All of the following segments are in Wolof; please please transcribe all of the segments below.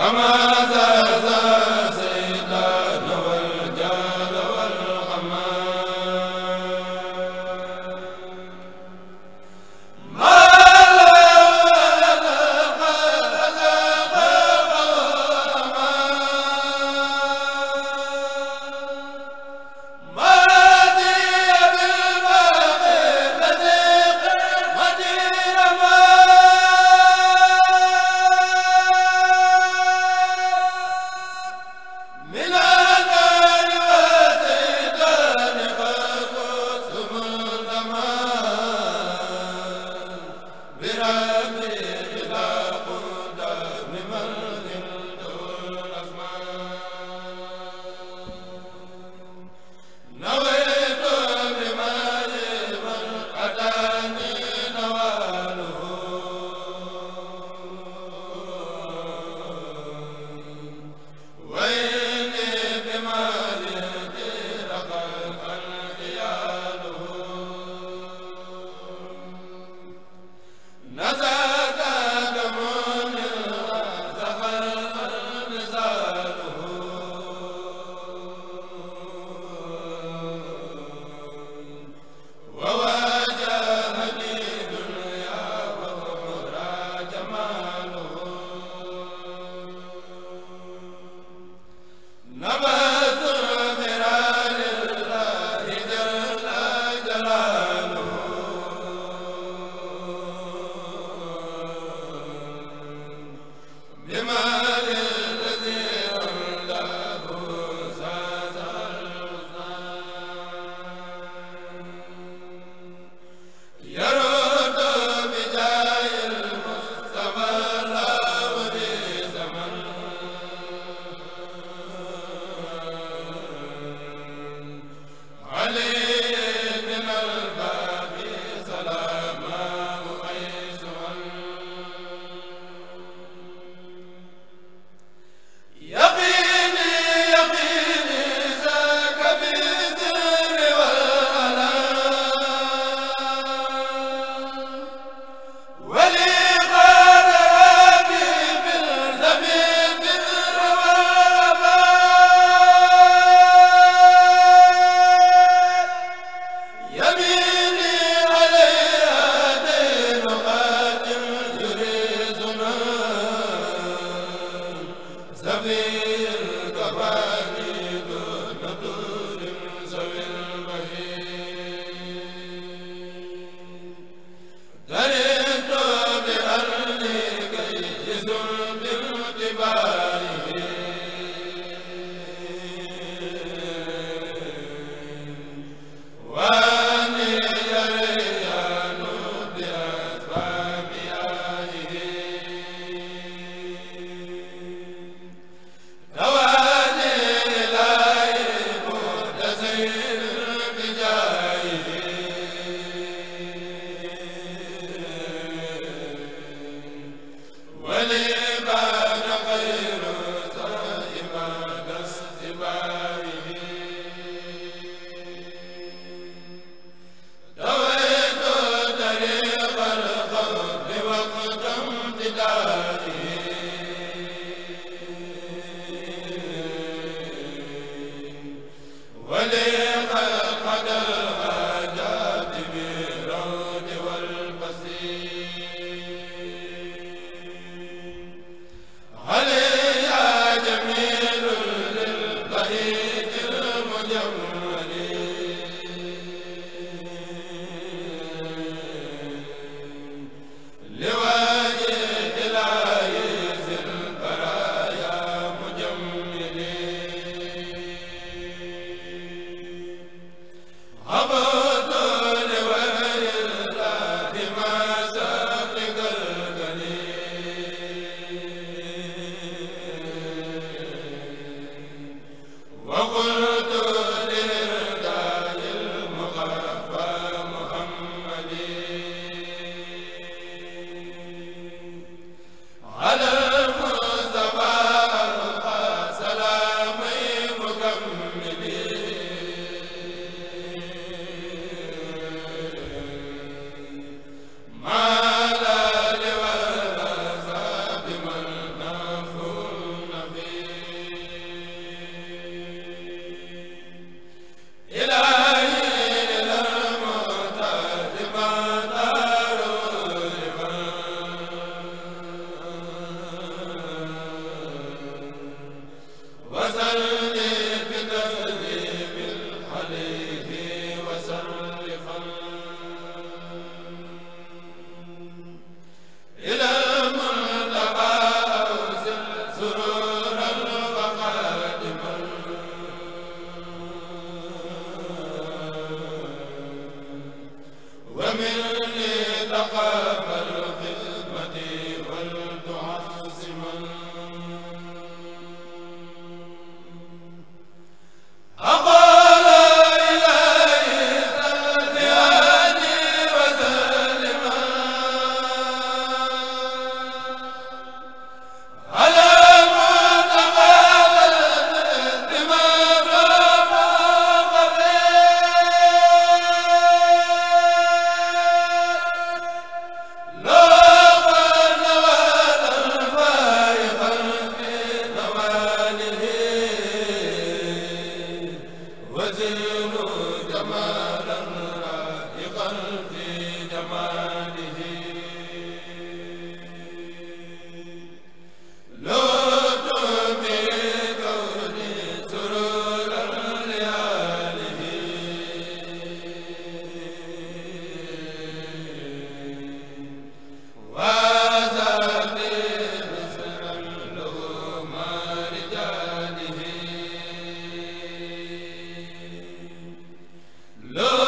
ama wala la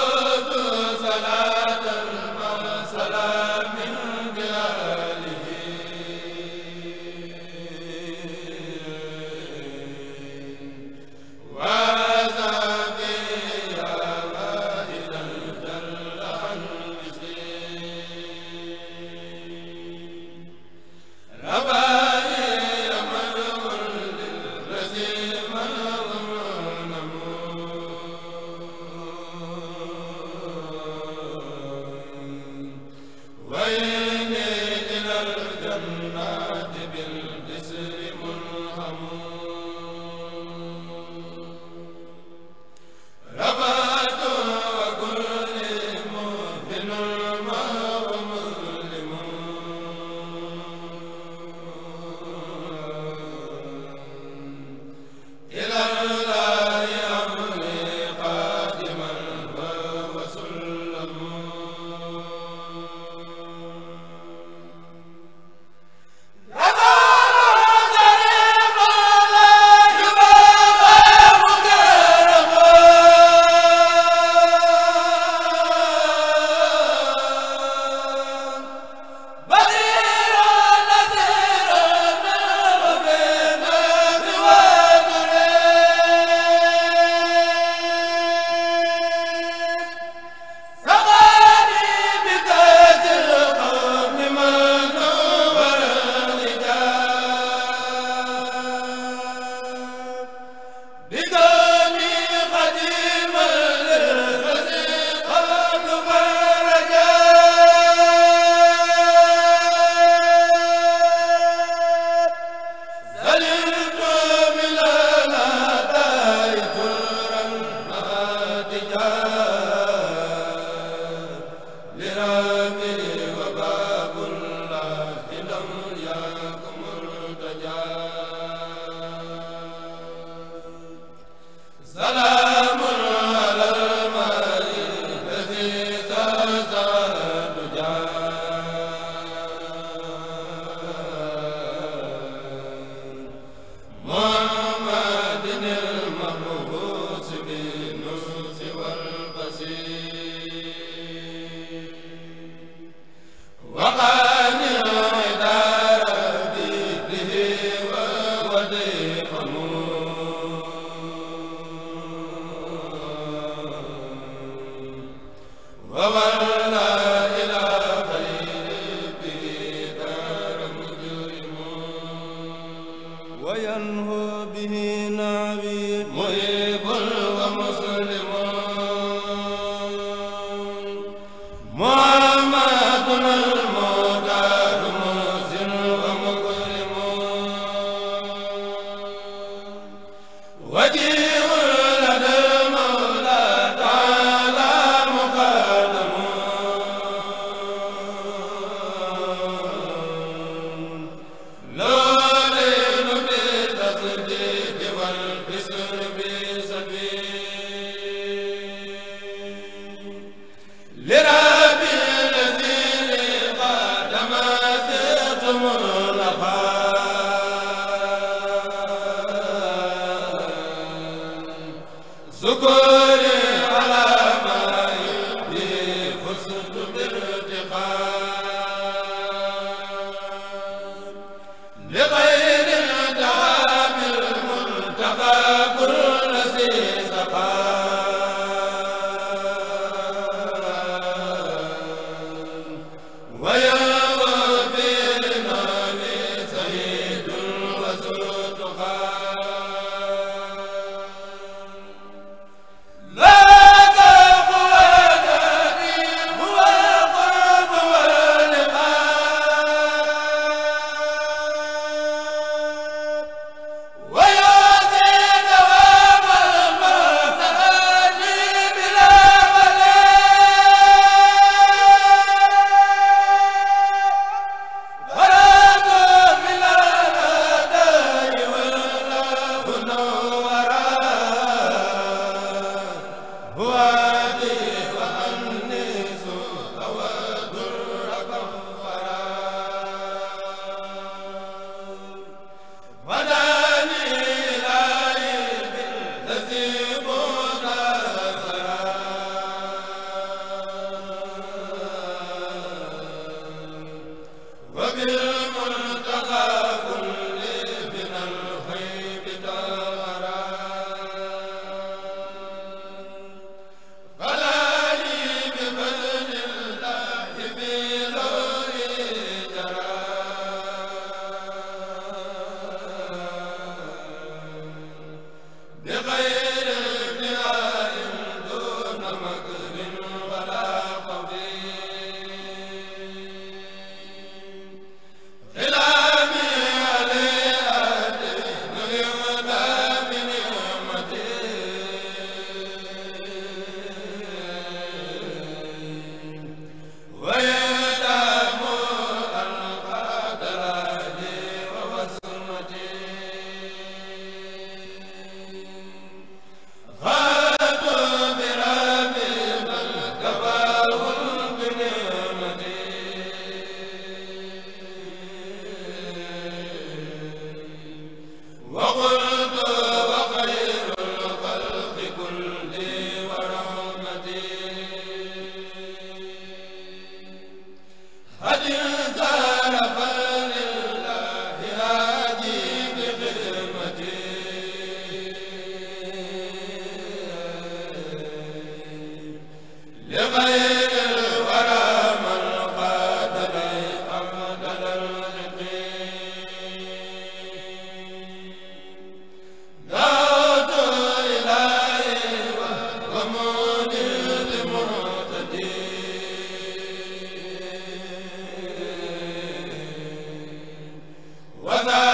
Muhammad Muhammad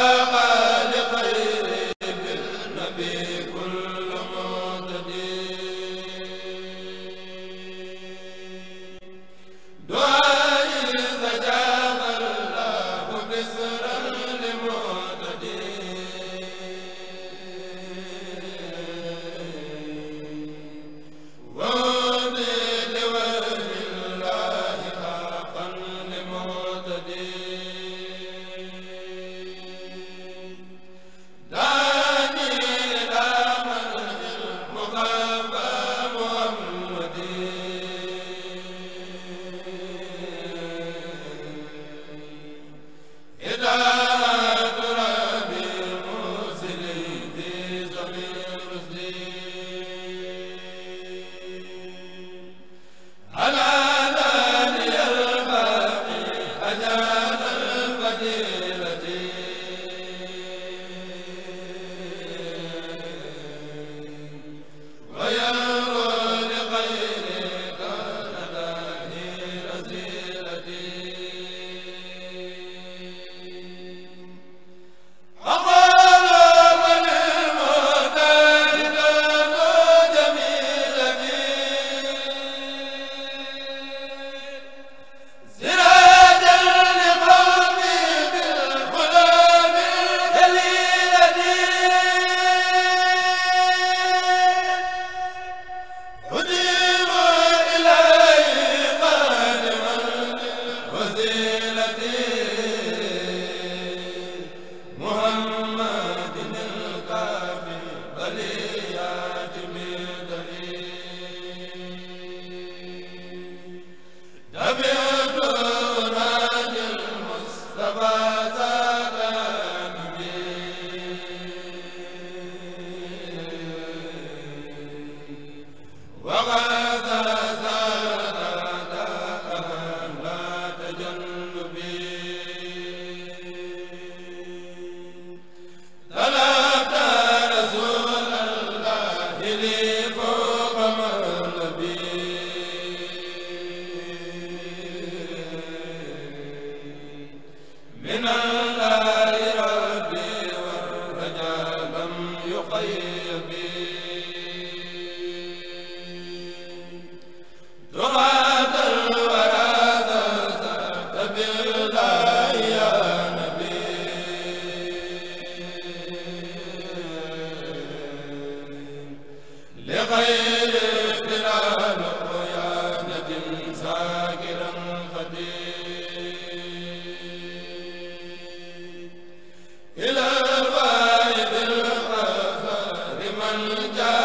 man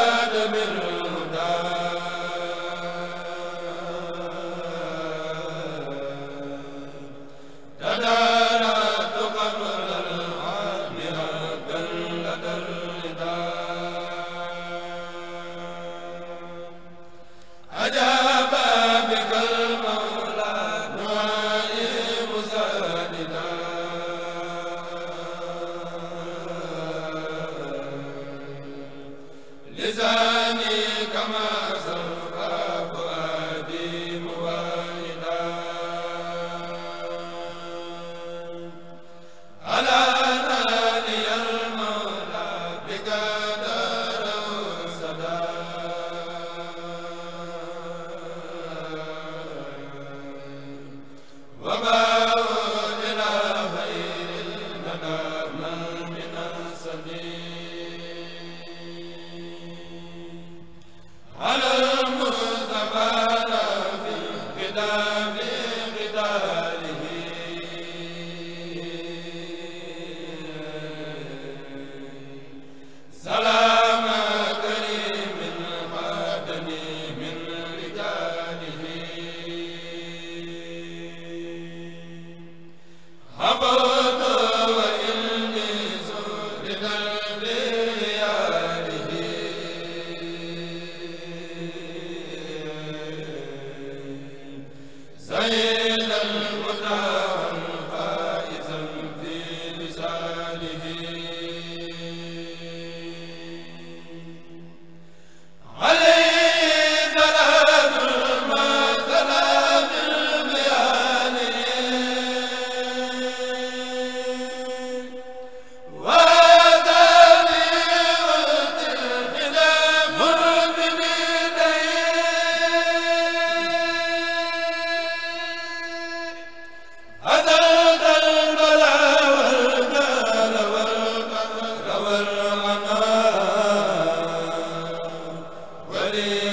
Hare